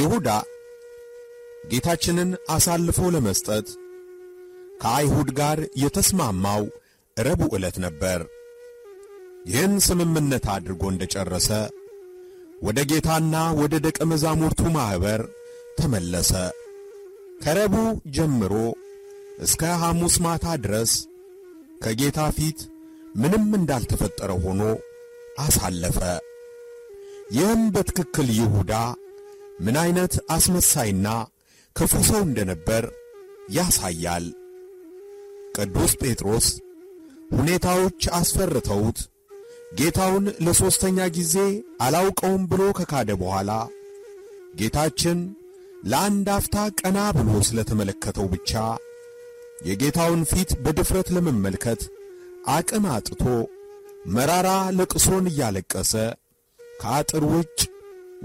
ይሁዳ ጌታችንን አሳልፎ ለመስጠት ከአይሁድ ጋር የተስማማው ረቡዕ ዕለት ነበር። ይህን ስምምነት አድርጎ እንደጨረሰ ወደ ጌታና ወደ ደቀ መዛሙርቱ ማኅበር ተመለሰ። ከረቡዕ ጀምሮ እስከ ሐሙስ ማታ ድረስ ከጌታ ፊት ምንም እንዳልተፈጠረ ሆኖ አሳለፈ። ይህም በትክክል ይሁዳ ምን አይነት አስመሳይና ክፉ ሰው እንደነበር ያሳያል። ቅዱስ ጴጥሮስ ሁኔታዎች አስፈርተውት ጌታውን ለሦስተኛ ጊዜ አላውቀውም ብሎ ከካደ በኋላ ጌታችን ለአንድ አፍታ ቀና ብሎ ስለተመለከተው ብቻ የጌታውን ፊት በድፍረት ለመመልከት አቅም አጥቶ መራራ ለቅሶን እያለቀሰ ከአጥር ውጭ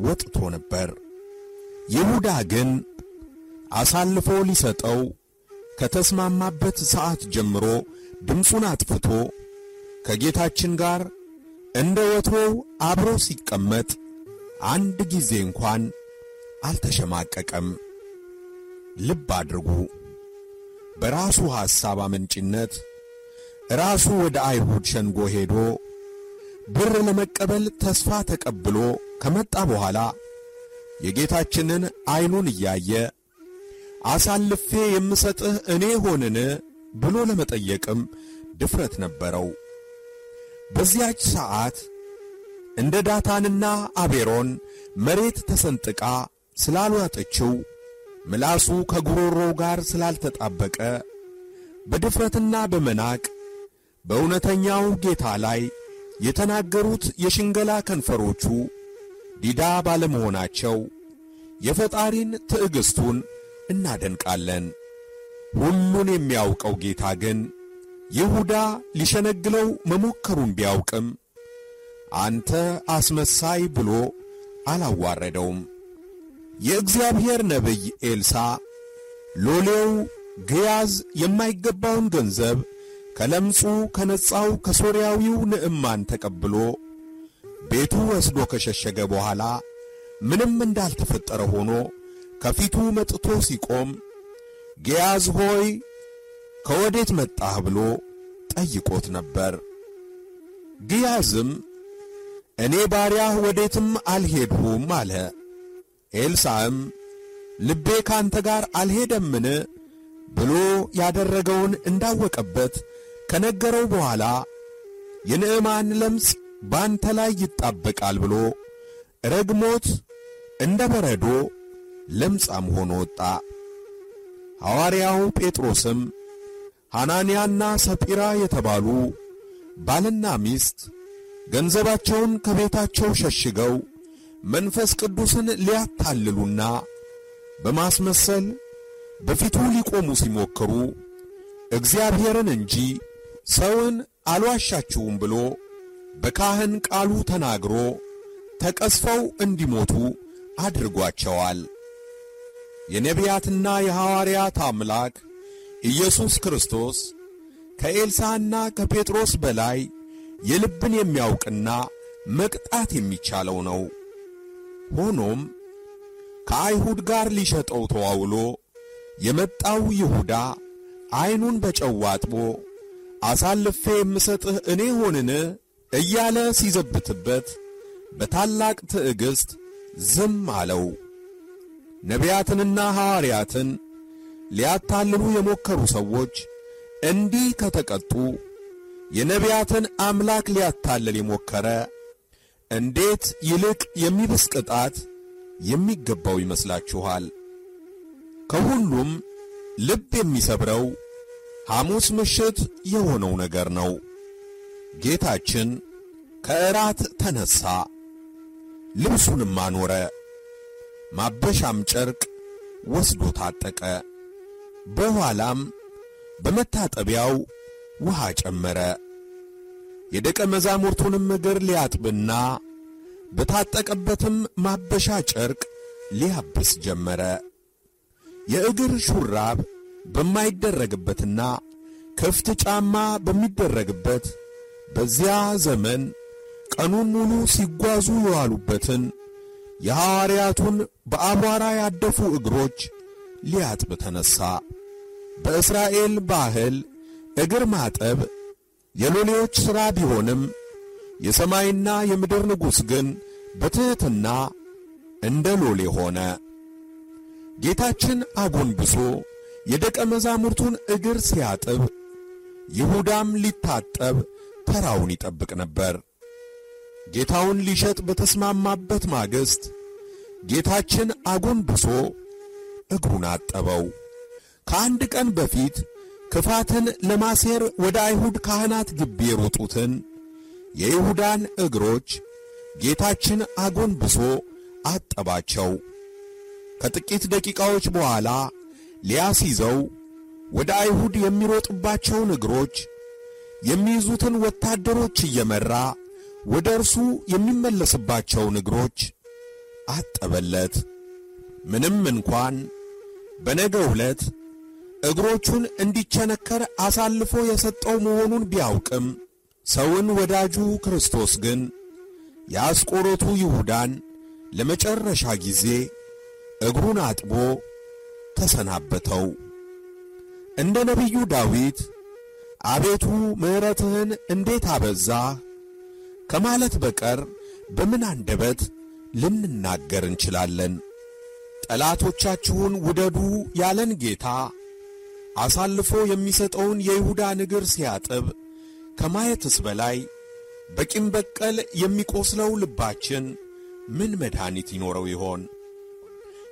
ወጥቶ ነበር። ይሁዳ ግን አሳልፎ ሊሰጠው ከተስማማበት ሰዓት ጀምሮ ድምፁን አጥፍቶ ከጌታችን ጋር እንደ ወትሮው አብሮ ሲቀመጥ አንድ ጊዜ እንኳን አልተሸማቀቀም። ልብ አድርጉ። በራሱ ሐሳብ አመንጭነት ራሱ ወደ አይሁድ ሸንጎ ሄዶ ብር ለመቀበል ተስፋ ተቀብሎ ከመጣ በኋላ የጌታችንን ዐይኑን እያየ አሳልፌ የምሰጥህ እኔ ሆንን ብሎ ለመጠየቅም ድፍረት ነበረው። በዚያች ሰዓት እንደ ዳታንና አቤሮን መሬት ተሰንጥቃ ስላልዋጠችው ምላሱ ከጉሮሮው ጋር ስላልተጣበቀ በድፍረትና በመናቅ በእውነተኛው ጌታ ላይ የተናገሩት የሽንገላ ከንፈሮቹ ዲዳ ባለመሆናቸው የፈጣሪን ትዕግስቱን እናደንቃለን። ሁሉን የሚያውቀው ጌታ ግን ይሁዳ ሊሸነግለው መሞከሩን ቢያውቅም አንተ አስመሳይ ብሎ አላዋረደውም። የእግዚአብሔር ነቢይ ኤልሳ ሎሌው ግያዝ የማይገባውን ገንዘብ ከለምጹ ከነጻው ከሶርያዊው ንዕማን ተቀብሎ ቤቱ ወስዶ ከሸሸገ በኋላ ምንም እንዳልተፈጠረ ሆኖ ከፊቱ መጥቶ ሲቆም ጌያዝ ሆይ ከወዴት መጣህ ብሎ ጠይቆት ነበር። ግያዝም እኔ ባሪያህ ወዴትም አልሄድሁም አለ። ኤልሳዕም ልቤ ካንተ ጋር አልሄደምን ብሎ ያደረገውን እንዳወቀበት ከነገረው በኋላ የንዕማን ለምጽ ባንተ ላይ ይጣበቃል ብሎ ረግሞት እንደ በረዶ ለምጻም ሆኖ ወጣ። ሐዋርያው ጴጥሮስም ሐናንያና ሰጲራ የተባሉ ባልና ሚስት ገንዘባቸውን ከቤታቸው ሸሽገው መንፈስ ቅዱስን ሊያታልሉና በማስመሰል በፊቱ ሊቆሙ ሲሞክሩ እግዚአብሔርን እንጂ ሰውን አልዋሻችሁም ብሎ በካህን ቃሉ ተናግሮ ተቀስፈው እንዲሞቱ አድርጓቸዋል። የነቢያትና የሐዋርያት አምላክ ኢየሱስ ክርስቶስ ከኤልሳና ከጴጥሮስ በላይ የልብን የሚያውቅና መቅጣት የሚቻለው ነው። ሆኖም ከአይሁድ ጋር ሊሸጠው ተዋውሎ የመጣው ይሁዳ ዐይኑን በጨው አጥቦ አሳልፌ የምሰጥህ እኔ ሆንን እያለ ሲዘብትበት በታላቅ ትዕግሥት ዝም አለው። ነቢያትንና ሐዋርያትን ሊያታልሉ የሞከሩ ሰዎች እንዲህ ከተቀጡ የነቢያትን አምላክ ሊያታልል የሞከረ እንዴት ይልቅ የሚብስ ቅጣት የሚገባው ይመስላችኋል? ከሁሉም ልብ የሚሰብረው ሐሙስ ምሽት የሆነው ነገር ነው። ጌታችን ከእራት ተነሳ ልብሱንም አኖረ፣ ማበሻም ጨርቅ ወስዶ ታጠቀ። በኋላም በመታጠቢያው ውሃ ጨመረ። የደቀ መዛሙርቱንም እግር ሊያጥብና በታጠቀበትም ማበሻ ጨርቅ ሊያብስ ጀመረ። የእግር ሹራብ በማይደረግበትና ክፍት ጫማ በሚደረግበት በዚያ ዘመን ቀኑን ሙሉ ሲጓዙ የዋሉበትን የሐዋርያቱን በአቧራ ያደፉ እግሮች ሊያጥብ ተነሣ። በእስራኤል ባህል እግር ማጠብ የሎሌዎች ሥራ ቢሆንም የሰማይና የምድር ንጉሥ ግን በትሕትና እንደ ሎሌ ሆነ። ጌታችን አጎንብሶ የደቀ መዛሙርቱን እግር ሲያጥብ፣ ይሁዳም ሊታጠብ ተራውን ይጠብቅ ነበር። ጌታውን ሊሸጥ በተስማማበት ማግስት ጌታችን አጎንብሶ እግሩን አጠበው። ከአንድ ቀን በፊት ክፋትን ለማሴር ወደ አይሁድ ካህናት ግቢ የሮጡትን የይሁዳን እግሮች ጌታችን አጎንብሶ አጠባቸው። ከጥቂት ደቂቃዎች በኋላ ሊያስይዘው ወደ አይሁድ የሚሮጥባቸውን እግሮች የሚይዙትን ወታደሮች እየመራ ወደ እርሱ የሚመለስባቸውን እግሮች አጠበለት። ምንም እንኳን በነገው ዕለት እግሮቹን እንዲቸነከር አሳልፎ የሰጠው መሆኑን ቢያውቅም ሰውን ወዳጁ ክርስቶስ ግን የአስቆሮቱ ይሁዳን ለመጨረሻ ጊዜ እግሩን አጥቦ ተሰናበተው። እንደ ነቢዩ ዳዊት አቤቱ ምሕረትህን እንዴት አበዛ ከማለት በቀር በምን አንደበት ልንናገር እንችላለን? ጠላቶቻችሁን ውደዱ ያለን ጌታ አሳልፎ የሚሰጠውን የይሁዳ እግር ሲያጥብ ከማየትስ በላይ በቂም በቀል የሚቆስለው ልባችን ምን መድኃኒት ይኖረው ይሆን?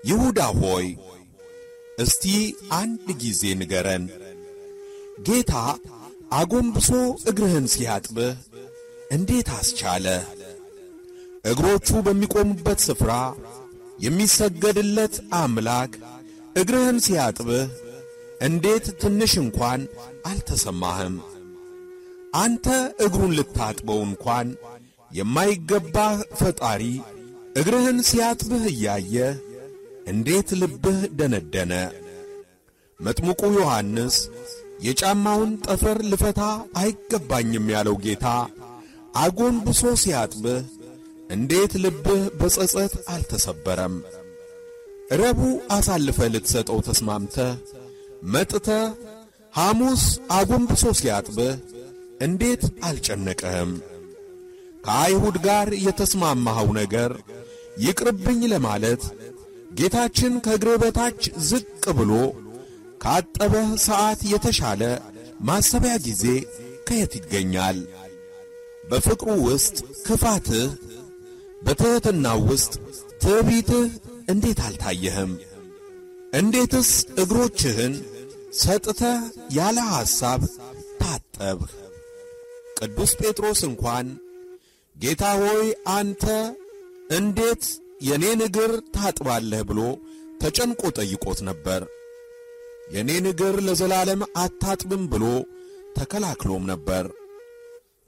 ይሁዳ ሆይ እስቲ አንድ ጊዜ ንገረን ጌታ አጎንብሶ እግርህን ሲያጥብህ እንዴት አስቻለ? እግሮቹ በሚቆሙበት ስፍራ የሚሰገድለት አምላክ እግርህን ሲያጥብህ እንዴት ትንሽ እንኳን አልተሰማህም? አንተ እግሩን ልታጥበው እንኳን የማይገባህ ፈጣሪ እግርህን ሲያጥብህ እያየህ እንዴት ልብህ ደነደነ? መጥምቁ ዮሐንስ የጫማውን ጠፈር ልፈታ አይገባኝም ያለው ጌታ አጎንብሶ ሲያጥብህ እንዴት ልብህ በጸጸት አልተሰበረም? ረቡ አሳልፈ ልትሰጠው ተስማምተ መጥተ ሐሙስ አጎንብሶ ሲያጥብህ እንዴት አልጨነቀህም? ከአይሁድ ጋር የተስማማኸው ነገር ይቅርብኝ ለማለት ጌታችን ከእግር በታች ዝቅ ብሎ ካጠበ ሰዓት የተሻለ ማሰቢያ ጊዜ ከየት ይገኛል? በፍቅሩ ውስጥ ክፋትህ፣ በትሕትናው ውስጥ ትዕቢትህ እንዴት አልታየህም? እንዴትስ እግሮችህን ሰጥተህ ያለ ሐሳብ ታጠብህ? ቅዱስ ጴጥሮስ እንኳን ጌታ ሆይ አንተ እንዴት የኔን እግር ታጥባለህ ብሎ ተጨንቆ ጠይቆት ነበር። የእኔን እግር ለዘላለም አታጥብም ብሎ ተከላክሎም ነበር።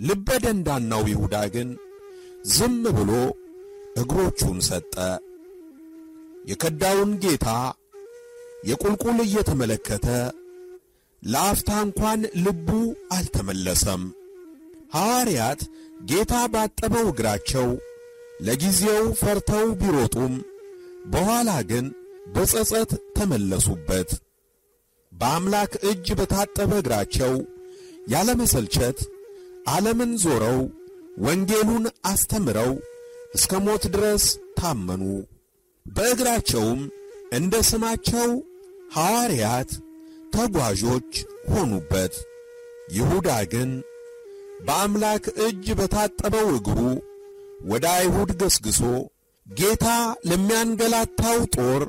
ልበ ደንዳናው ይሁዳ ግን ዝም ብሎ እግሮቹን ሰጠ። የከዳውን ጌታ የቁልቁል እየተመለከተ ለአፍታ እንኳን ልቡ አልተመለሰም። ሐዋርያት ጌታ ባጠበው እግራቸው ለጊዜው ፈርተው ቢሮጡም በኋላ ግን በጸጸት ተመለሱበት። በአምላክ እጅ በታጠበ እግራቸው ያለመሰልቸት ዓለምን ዞረው ወንጌሉን አስተምረው እስከ ሞት ድረስ ታመኑ። በእግራቸውም እንደ ስማቸው ሐዋርያት ተጓዦች ሆኑበት። ይሁዳ ግን በአምላክ እጅ በታጠበው እግሩ ወደ አይሁድ ገስግሶ ጌታ ለሚያንገላታው ጦር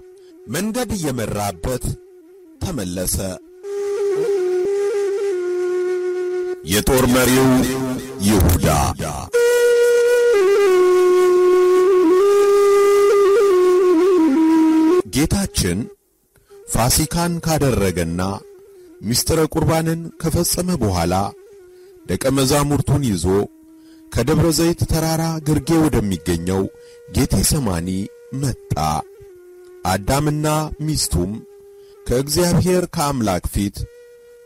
መንገድ እየመራበት ተመለሰ። የጦር መሪው ይሁዳ ጌታችን ፋሲካን ካደረገና ምስጢረ ቁርባንን ከፈጸመ በኋላ ደቀ መዛሙርቱን ይዞ ከደብረ ዘይት ተራራ ግርጌ ወደሚገኘው ጌቴ ሰማኒ መጣ። አዳምና ሚስቱም ከእግዚአብሔር ከአምላክ ፊት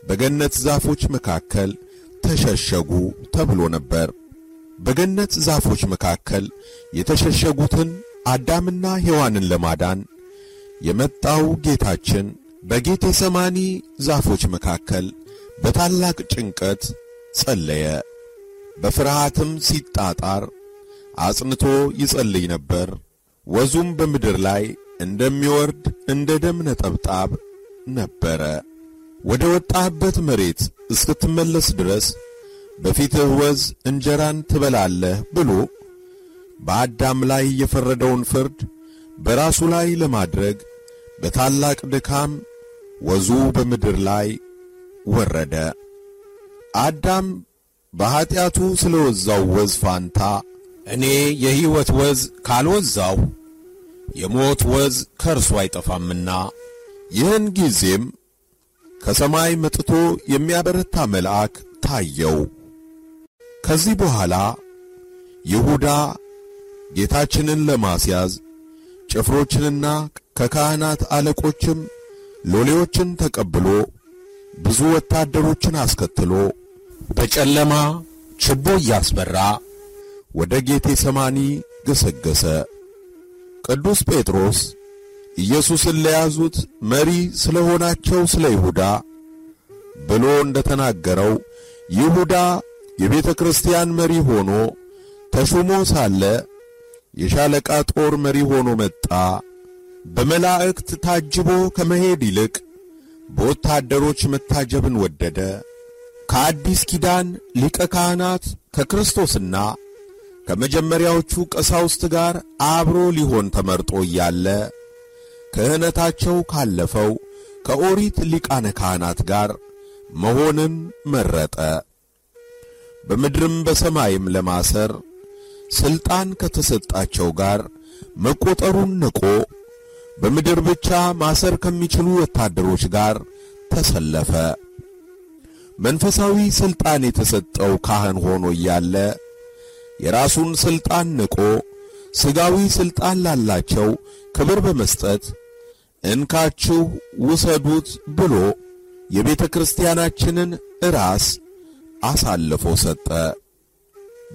በገነት ዛፎች መካከል ተሸሸጉ ተብሎ ነበር። በገነት ዛፎች መካከል የተሸሸጉትን አዳምና ሔዋንን ለማዳን የመጣው ጌታችን በጌቴ ሰማኒ ዛፎች መካከል በታላቅ ጭንቀት ጸለየ። በፍርሃትም ሲጣጣር አጽንቶ ይጸልይ ነበር። ወዙም በምድር ላይ እንደሚወርድ እንደ ደም ነጠብጣብ ነበረ። ወደ ወጣህበት መሬት እስክትመለስ ድረስ በፊትህ ወዝ እንጀራን ትበላለህ ብሎ በአዳም ላይ የፈረደውን ፍርድ በራሱ ላይ ለማድረግ በታላቅ ድካም ወዙ በምድር ላይ ወረደ። አዳም በኀጢአቱ ስለ ወዛው ወዝ ፋንታ እኔ የሕይወት ወዝ ካልወዛው የሞት ወዝ ከእርሱ አይጠፋምና ይህን ጊዜም ከሰማይ መጥቶ የሚያበረታ መልአክ ታየው። ከዚህ በኋላ ይሁዳ ጌታችንን ለማስያዝ ጭፍሮችንና ከካህናት አለቆችም ሎሌዎችን ተቀብሎ ብዙ ወታደሮችን አስከትሎ በጨለማ ችቦ እያስበራ ወደ ጌቴ ሰማኒ ገሰገሰ። ቅዱስ ጴጥሮስ ኢየሱስን ለያዙት መሪ ስለ ሆናቸው ስለ ይሁዳ ብሎ እንደ ተናገረው ይሁዳ የቤተ ክርስቲያን መሪ ሆኖ ተሹሞ ሳለ የሻለቃ ጦር መሪ ሆኖ መጣ። በመላእክት ታጅቦ ከመሄድ ይልቅ በወታደሮች መታጀብን ወደደ። ከአዲስ ኪዳን ሊቀ ካህናት ከክርስቶስና ከመጀመሪያዎቹ ቀሳውስት ጋር አብሮ ሊሆን ተመርጦ እያለ ክህነታቸው ካለፈው ከኦሪት ሊቃነ ካህናት ጋር መሆንን መረጠ። በምድርም በሰማይም ለማሰር ሥልጣን ከተሰጣቸው ጋር መቆጠሩን ንቆ በምድር ብቻ ማሰር ከሚችሉ ወታደሮች ጋር ተሰለፈ። መንፈሳዊ ሥልጣን የተሰጠው ካህን ሆኖ እያለ የራሱን ሥልጣን ንቆ ሥጋዊ ሥልጣን ላላቸው ክብር በመስጠት እንካችሁ ውሰዱት ብሎ የቤተ ክርስቲያናችንን ራስ አሳልፎ ሰጠ።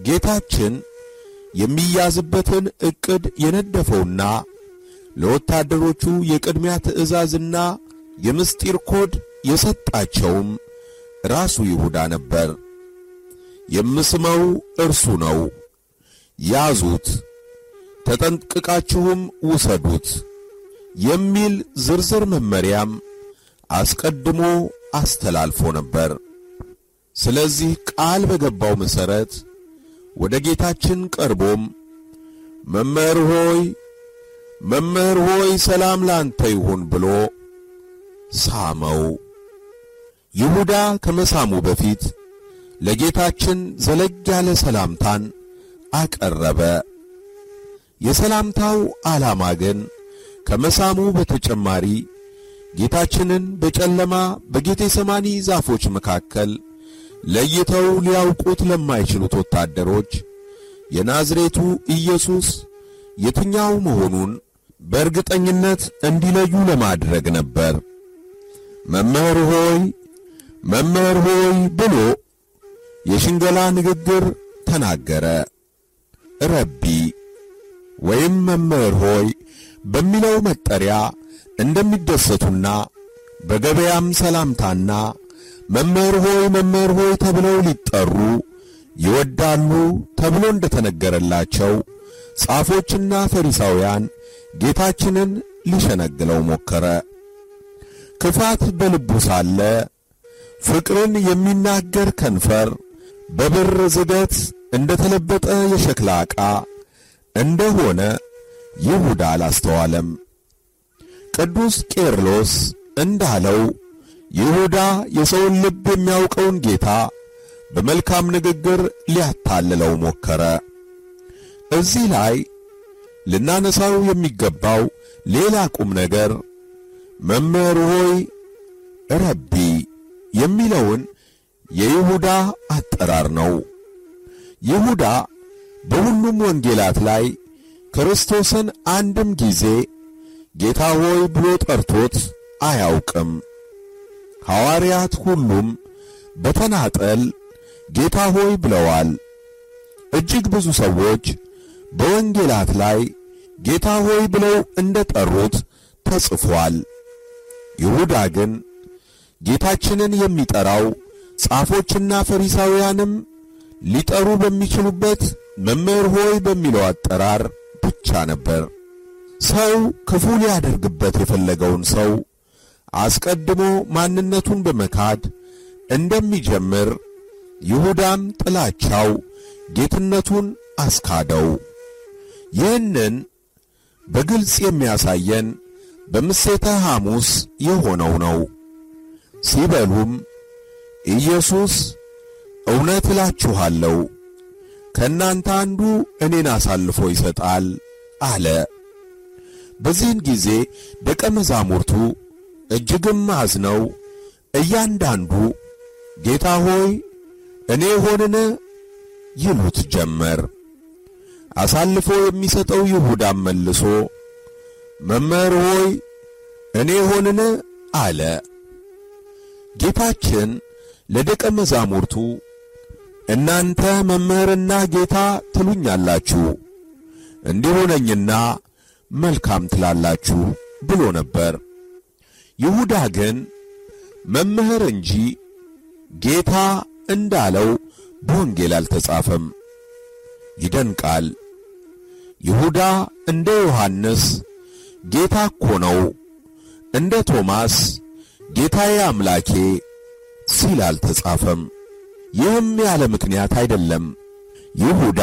ጌታችን የሚያዝበትን ዕቅድ የነደፈውና ለወታደሮቹ የቅድሚያ ትእዛዝና የምስጢር ኮድ የሰጣቸውም ራሱ ይሁዳ ነበር። የምስመው እርሱ ነው። ያዙት ተጠንቅቃችሁም ውሰዱት የሚል ዝርዝር መመሪያም አስቀድሞ አስተላልፎ ነበር። ስለዚህ ቃል በገባው መሠረት ወደ ጌታችን ቀርቦም መምህር ሆይ መምህር ሆይ ሰላም ላንተ ይሁን ብሎ ሳመው። ይሁዳ ከመሳሙ በፊት ለጌታችን ዘለግ ያለ ሰላምታን አቀረበ። የሰላምታው ዓላማ ግን ከመሳሙ በተጨማሪ ጌታችንን በጨለማ በጌቴሰማኒ ዛፎች መካከል ለይተው ሊያውቁት ለማይችሉት ወታደሮች የናዝሬቱ ኢየሱስ የትኛው መሆኑን በእርግጠኝነት እንዲለዩ ለማድረግ ነበር። መምህር ሆይ መምህር ሆይ ብሎ የሽንገላ ንግግር ተናገረ። ረቢ ወይም መምህር ሆይ በሚለው መጠሪያ እንደሚደሰቱና በገበያም ሰላምታና መምህር ሆይ መምህር ሆይ ተብለው ሊጠሩ ይወዳሉ ተብሎ እንደተነገረላቸው ጻፎችና ፈሪሳውያን ጌታችንን ሊሸነግለው ሞከረ። ክፋት በልቡ ሳለ ፍቅርን የሚናገር ከንፈር በብር ዝገት እንደተለበጠ የሸክላ ዕቃ እንደሆነ ይሁዳ አላስተዋለም። ቅዱስ ቄርሎስ እንዳለው ይሁዳ የሰውን ልብ የሚያውቀውን ጌታ በመልካም ንግግር ሊያታልለው ሞከረ። እዚህ ላይ ልናነሳው የሚገባው ሌላ ቁም ነገር መምህር ሆይ ረቢ የሚለውን የይሁዳ አጠራር ነው። ይሁዳ በሁሉም ወንጌላት ላይ ክርስቶስን አንድም ጊዜ ጌታ ሆይ ብሎ ጠርቶት አያውቅም። ሐዋርያት ሁሉም በተናጠል ጌታ ሆይ ብለዋል። እጅግ ብዙ ሰዎች በወንጌላት ላይ ጌታ ሆይ ብለው እንደ ጠሩት ተጽፏል። ይሁዳ ግን ጌታችንን የሚጠራው ጻፎችና ፈሪሳውያንም ሊጠሩ በሚችሉበት መምህር ሆይ በሚለው አጠራር ብቻ ነበር። ሰው ክፉ ሊያደርግበት የፈለገውን ሰው አስቀድሞ ማንነቱን በመካድ እንደሚጀምር ይሁዳም ጥላቻው ጌትነቱን አስካደው። ይህንን በግልጽ የሚያሳየን በምሴተ ሐሙስ የሆነው ነው። ሲበሉም ኢየሱስ እውነት እላችኋለሁ ከእናንተ አንዱ እኔን አሳልፎ ይሰጣል አለ። በዚህን ጊዜ ደቀ መዛሙርቱ እጅግም አዝነው እያንዳንዱ ጌታ ሆይ እኔ ሆንን ይሉት ጀመር። አሳልፎ የሚሰጠው ይሁዳም መልሶ መምህር ሆይ እኔ ሆንን አለ። ጌታችን ለደቀ መዛሙርቱ እናንተ መምህርና ጌታ ትሉኛላችሁ፣ እንዲሁ ነኝና መልካም ትላላችሁ ብሎ ነበር። ይሁዳ ግን መምህር እንጂ ጌታ እንዳለው በወንጌል አልተጻፈም። ይደንቃል። ይሁዳ እንደ ዮሐንስ ጌታ እኮ ነው፣ እንደ ቶማስ ጌታዬ አምላኬ ሲል አልተጻፈም። ይህም ያለ ምክንያት አይደለም። ይሁዳ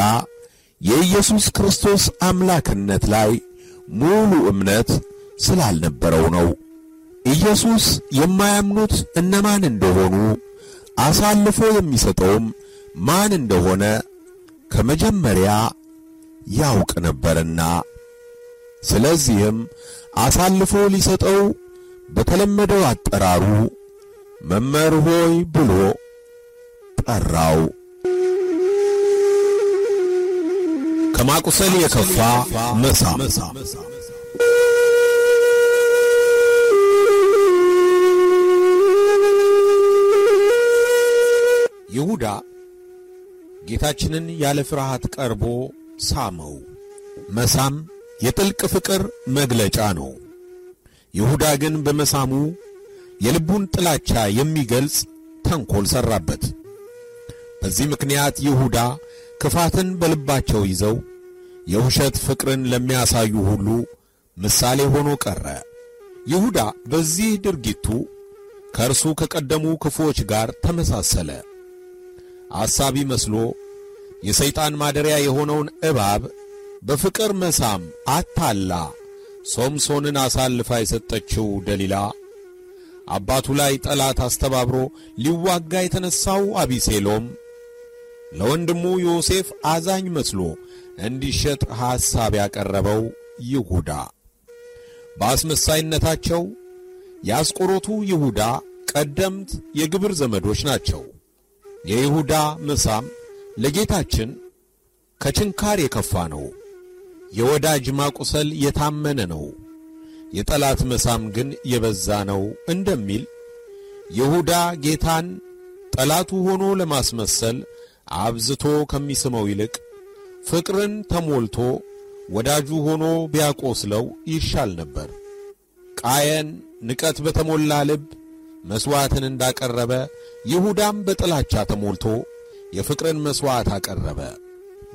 የኢየሱስ ክርስቶስ አምላክነት ላይ ሙሉ እምነት ስላልነበረው ነው። ኢየሱስ የማያምኑት እነማን እንደሆኑ አሳልፎ የሚሰጠውም ማን እንደሆነ ከመጀመሪያ ያውቅ ነበርና፣ ስለዚህም አሳልፎ ሊሰጠው በተለመደው አጠራሩ መምህር ሆይ ብሎ ጠራው። ከማቁሰል የከፋ መሳ ይሁዳ ጌታችንን ያለ ፍርሃት ቀርቦ ሳመው። መሳም የጥልቅ ፍቅር መግለጫ ነው። ይሁዳ ግን በመሳሙ የልቡን ጥላቻ የሚገልጽ ተንኮል ሠራበት። በዚህ ምክንያት ይሁዳ ክፋትን በልባቸው ይዘው የውሸት ፍቅርን ለሚያሳዩ ሁሉ ምሳሌ ሆኖ ቀረ። ይሁዳ በዚህ ድርጊቱ ከእርሱ ከቀደሙ ክፉዎች ጋር ተመሳሰለ። አሳቢ መስሎ የሰይጣን ማደሪያ የሆነውን እባብ በፍቅር መሳም አታላ ሶምሶንን አሳልፋ የሰጠችው ደሊላ፣ አባቱ ላይ ጠላት አስተባብሮ ሊዋጋ የተነሳው አቢሴሎም ለወንድሙ ዮሴፍ አዛኝ መስሎ እንዲሸጥ ሐሳብ ያቀረበው ይሁዳ በአስመሳይነታቸው የአስቆሮቱ ይሁዳ ቀደምት የግብር ዘመዶች ናቸው። የይሁዳ ምሳም ለጌታችን ከችንካር የከፋ ነው። የወዳጅ ማቁሰል የታመነ ነው፣ የጠላት ምሳም ግን የበዛ ነው እንደሚል ይሁዳ ጌታን ጠላቱ ሆኖ ለማስመሰል አብዝቶ ከሚስመው ይልቅ ፍቅርን ተሞልቶ ወዳጁ ሆኖ ቢያቆስለው ይሻል ነበር። ቃየን ንቀት በተሞላ ልብ መሥዋዕትን እንዳቀረበ፣ ይሁዳም በጥላቻ ተሞልቶ የፍቅርን መሥዋዕት አቀረበ።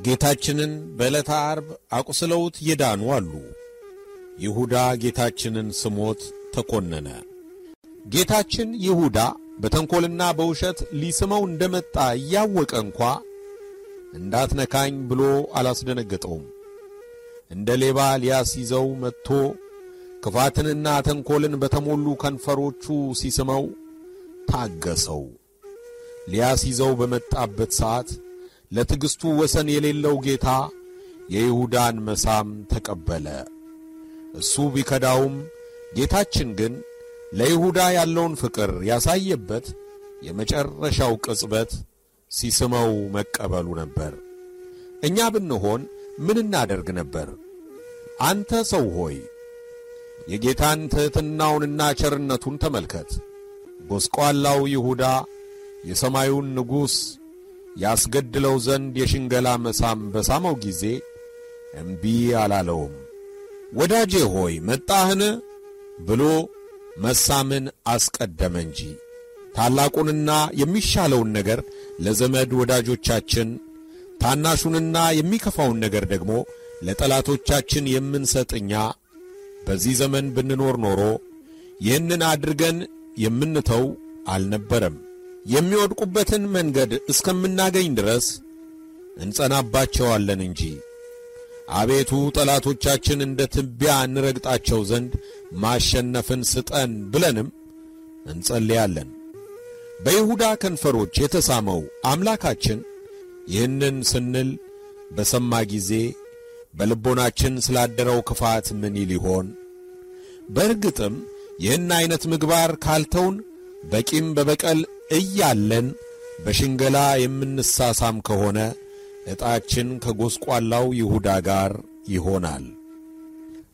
ጌታችንን በዕለተ ዓርብ አቁስለውት የዳኑ አሉ። ይሁዳ ጌታችንን ስሞት ተኰነነ። ጌታችን ይሁዳ በተንኮልና በውሸት ሊስመው እንደመጣ እያወቀ እንኳ እንዳትነካኝ ብሎ አላስደነገጠውም። እንደ ሌባ ሊያስይዘው መጥቶ ክፋትንና ተንኮልን በተሞሉ ከንፈሮቹ ሲስመው ታገሰው። ሊያስይዘው በመጣበት ሰዓት ለትዕግሥቱ ወሰን የሌለው ጌታ የይሁዳን መሳም ተቀበለ። እሱ ቢከዳውም ጌታችን ግን ለይሁዳ ያለውን ፍቅር ያሳየበት የመጨረሻው ቅጽበት ሲስመው መቀበሉ ነበር። እኛ ብንሆን ምን እናደርግ ነበር? አንተ ሰው ሆይ የጌታን ትሕትናውንና ቸርነቱን ተመልከት። ጎስቋላው ይሁዳ የሰማዩን ንጉሥ ያስገድለው ዘንድ የሽንገላ መሳም በሳመው ጊዜ እምቢ አላለውም። ወዳጄ ሆይ መጣህን ብሎ መሳምን አስቀደመ እንጂ ታላቁንና የሚሻለውን ነገር ለዘመድ ወዳጆቻችን፣ ታናሹንና የሚከፋውን ነገር ደግሞ ለጠላቶቻችን የምንሰጥ እኛ በዚህ ዘመን ብንኖር ኖሮ ይህንን አድርገን የምንተው አልነበረም። የሚወድቁበትን መንገድ እስከምናገኝ ድረስ እንጸናባቸዋለን እንጂ አቤቱ ጠላቶቻችን እንደ ትቢያ እንረግጣቸው ዘንድ ማሸነፍን ስጠን ብለንም እንጸልያለን። በይሁዳ ከንፈሮች የተሳመው አምላካችን ይህንን ስንል በሰማ ጊዜ በልቦናችን ስላደረው ክፋት ምን ይል ይሆን? በእርግጥም ይህን ዐይነት ምግባር ካልተውን በቂም በበቀል እያለን በሽንገላ የምንሳሳም ከሆነ ዕጣችን ከጐስቋላው ይሁዳ ጋር ይሆናል።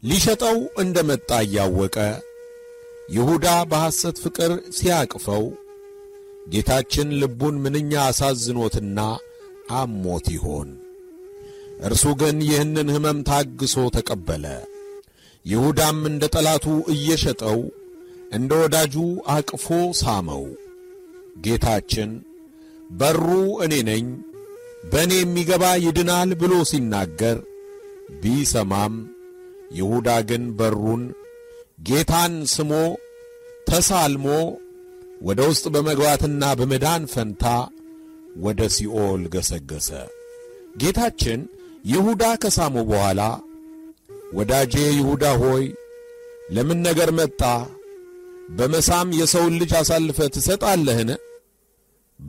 ሊሸጠው እንደ መጣ እያወቀ ይሁዳ በሐሰት ፍቅር ሲያቅፈው ጌታችን ልቡን ምንኛ አሳዝኖትና አሞት ይሆን? እርሱ ግን ይህንን ሕመም ታግሶ ተቀበለ። ይሁዳም እንደ ጠላቱ እየሸጠው እንደ ወዳጁ አቅፎ ሳመው። ጌታችን በሩ እኔ ነኝ፣ በእኔ የሚገባ ይድናል ብሎ ሲናገር ቢሰማም ይሁዳ ግን በሩን ጌታን ስሞ ተሳልሞ ወደ ውስጥ በመግባትና በመዳን ፈንታ ወደ ሲኦል ገሰገሰ። ጌታችን ይሁዳ ከሳሙ በኋላ ወዳጄ ይሁዳ ሆይ ለምን ነገር መጣ? በመሳም የሰውን ልጅ አሳልፈ ትሰጣለህን?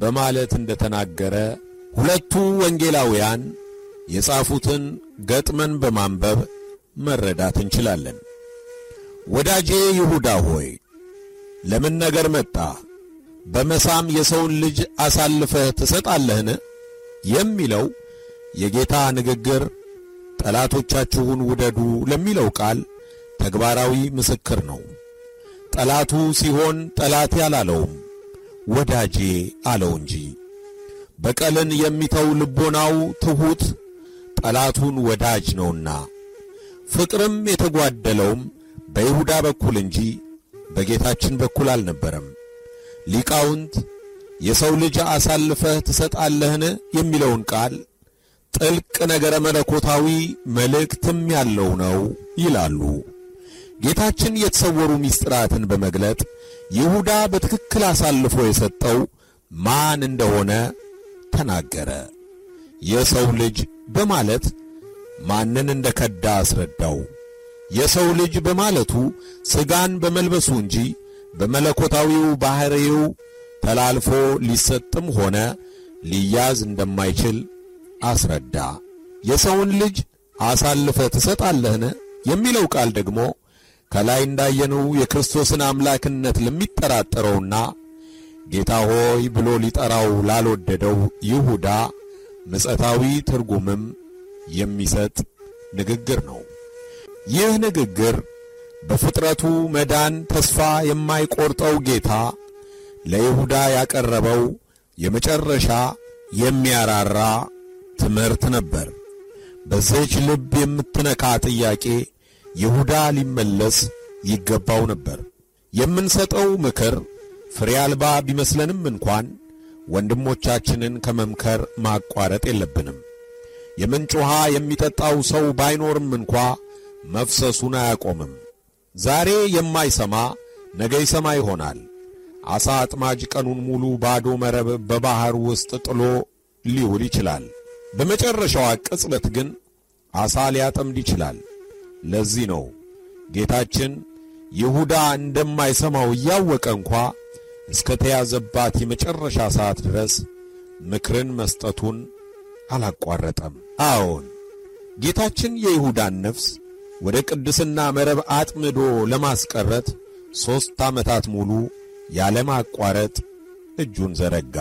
በማለት እንደ ተናገረ ሁለቱ ወንጌላውያን የጻፉትን ገጥመን በማንበብ መረዳት እንችላለን። ወዳጄ ይሁዳ ሆይ ለምን ነገር መጣ? በመሳም የሰውን ልጅ አሳልፈህ ትሰጣለህን? የሚለው የጌታ ንግግር ጠላቶቻችሁን ውደዱ ለሚለው ቃል ተግባራዊ ምስክር ነው። ጠላቱ ሲሆን ጠላት ያላለውም ወዳጄ አለው እንጂ። በቀልን የሚተው ልቦናው ትሑት ጠላቱን ወዳጅ ነውና ፍቅርም የተጓደለውም በይሁዳ በኩል እንጂ በጌታችን በኩል አልነበረም። ሊቃውንት የሰው ልጅ አሳልፈህ ትሰጣለህን የሚለውን ቃል ጥልቅ ነገረ መለኮታዊ መልእክትም ያለው ነው ይላሉ። ጌታችን የተሰወሩ ምስጢራትን በመግለጥ ይሁዳ በትክክል አሳልፎ የሰጠው ማን እንደሆነ ተናገረ። የሰው ልጅ በማለት ማንን እንደ ከዳ አስረዳው። የሰው ልጅ በማለቱ ሥጋን በመልበሱ እንጂ በመለኮታዊው ባሕርይው ተላልፎ ሊሰጥም ሆነ ሊያዝ እንደማይችል አስረዳ። የሰውን ልጅ አሳልፈ ትሰጣለህን የሚለው ቃል ደግሞ ከላይ እንዳየነው የክርስቶስን አምላክነት ለሚጠራጠረውና ጌታ ሆይ ብሎ ሊጠራው ላልወደደው ይሁዳ ምጸታዊ ትርጉምም የሚሰጥ ንግግር ነው። ይህ ንግግር በፍጥረቱ መዳን ተስፋ የማይቆርጠው ጌታ ለይሁዳ ያቀረበው የመጨረሻ የሚያራራ ትምህርት ነበር። በዚህች ልብ የምትነካ ጥያቄ ይሁዳ ሊመለስ ይገባው ነበር። የምንሰጠው ምክር ፍሬ አልባ ቢመስለንም እንኳን ወንድሞቻችንን ከመምከር ማቋረጥ የለብንም። የምንጭ ውሃ የሚጠጣው ሰው ባይኖርም እንኳ መፍሰሱን አያቆምም። ዛሬ የማይሰማ ነገ ይሰማ ይሆናል። ዓሣ አጥማጅ ቀኑን ሙሉ ባዶ መረብ በባሕር ውስጥ ጥሎ ሊውል ይችላል። በመጨረሻዋ ቅጽበት ግን ዓሣ ሊያጠምድ ይችላል። ለዚህ ነው ጌታችን ይሁዳ እንደማይሰማው እያወቀ እንኳ እስከ ተያዘባት የመጨረሻ ሰዓት ድረስ ምክርን መስጠቱን አላቋረጠም። አዎን ጌታችን የይሁዳን ነፍስ ወደ ቅድስና መረብ አጥምዶ ለማስቀረት ሦስት ዓመታት ሙሉ ያለማቋረጥ እጁን ዘረጋ።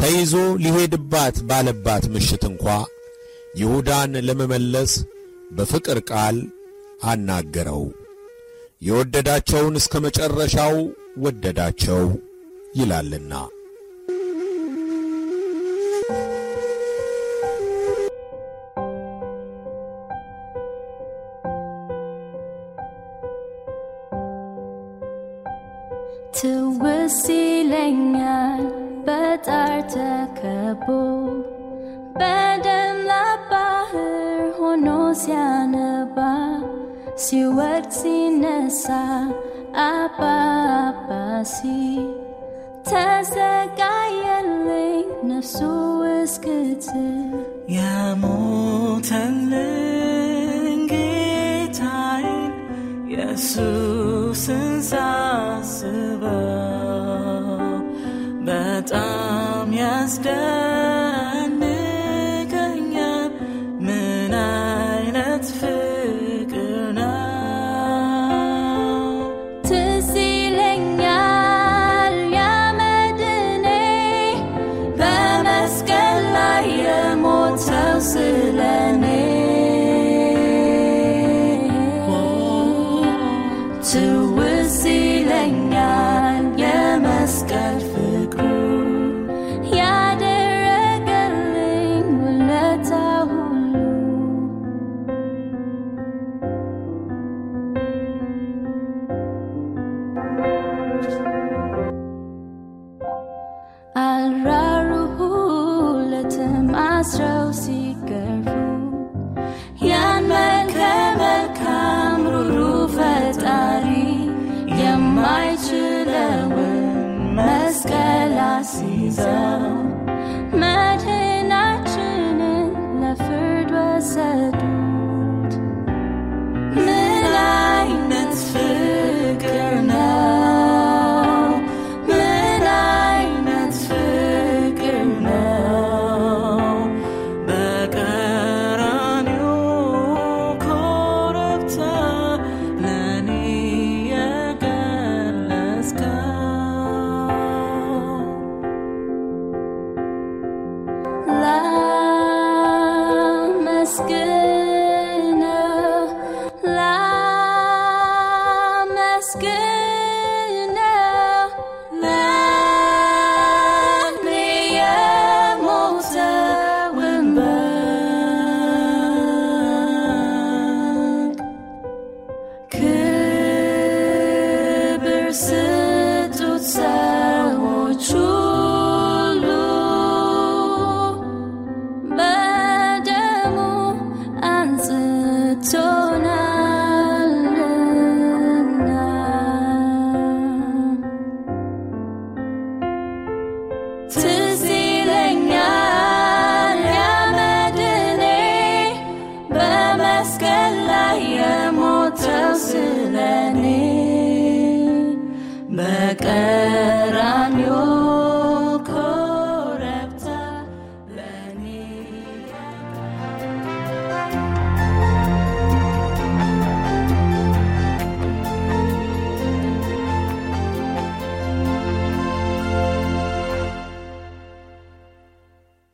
ተይዞ ሊሄድባት ባለባት ምሽት እንኳ ይሁዳን ለመመለስ በፍቅር ቃል አናገረው። የወደዳቸውን እስከ መጨረሻው ወደዳቸው ይላልና Liverpool Badanlah bahar hono siana ba Siwat sinasa apa-apa si Tazakayaling nafsu is kecil Ya mutalin gitain Yesus'un sasıbı Master. done. season. Imagine action은 나풀